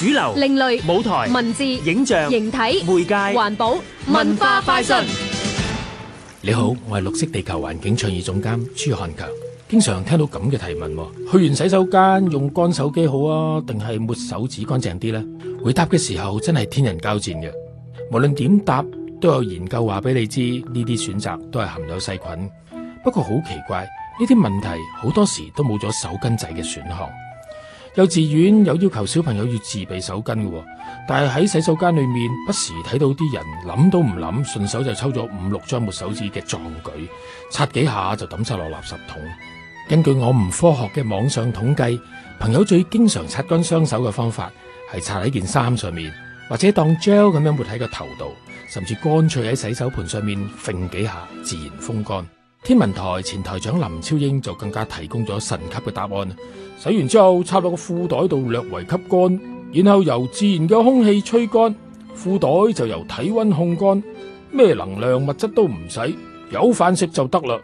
主流、另類舞台、文字、影像、形體、媒介、環保、文化快訊。你好，我係綠色地球環境倡議總監朱漢強。經常聽到咁嘅提問，去完洗手間用乾手機好啊，定係抹手指乾淨啲呢？回答嘅時候真係天人交戰嘅，無論點答都有研究話俾你知，呢啲選擇都係含有細菌。不過好奇怪，呢啲問題好多時都冇咗手巾仔嘅選項。幼稚園有要求小朋友要自備手巾嘅，但係喺洗手間裏面不時睇到啲人諗都唔諗，順手就抽咗五六張抹手指嘅壯舉，擦幾下就抌晒落垃圾桶。根據我唔科學嘅網上統計，朋友最經常擦乾雙手嘅方法係擦喺件衫上面，或者當 gel 咁樣抹喺個頭度，甚至乾脆喺洗手盆上面揈幾下自然風乾。天文台前台長林超英就更加提供咗神級嘅答案，洗完之後插落個褲袋度略為吸乾，然後由自然嘅空氣吹乾，褲袋就由體溫烘乾，咩能量物質都唔使，有飯食就得啦。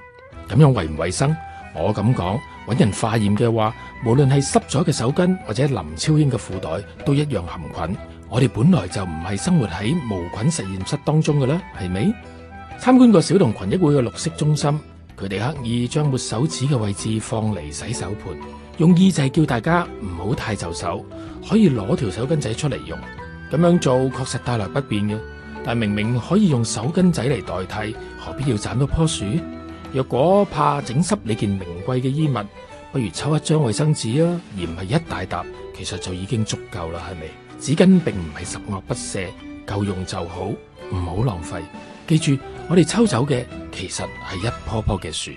咁樣衛唔衛生？我咁講，揾人化驗嘅話，無論係濕咗嘅手巾或者林超英嘅褲袋，都一樣含菌。我哋本來就唔係生活喺無菌實驗室當中嘅啦，係咪？參觀過小童群益會嘅綠色中心，佢哋刻意將抹手指嘅位置放嚟洗手盤，用意就係叫大家唔好太就手，可以攞條手巾仔出嚟用。咁樣做確實帶來不便嘅，但明明可以用手巾仔嚟代替，何必要斬多棵樹？若果怕整濕你件名貴嘅衣物，不如抽一張衛生紙啊，而唔係一大沓，其實就已經足夠啦，係咪？紙巾並唔係十惡不赦，夠用就好，唔好浪費。記住。我哋抽走嘅，其實係一棵棵嘅樹。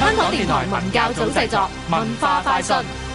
香港電台文教組製作文化快訊。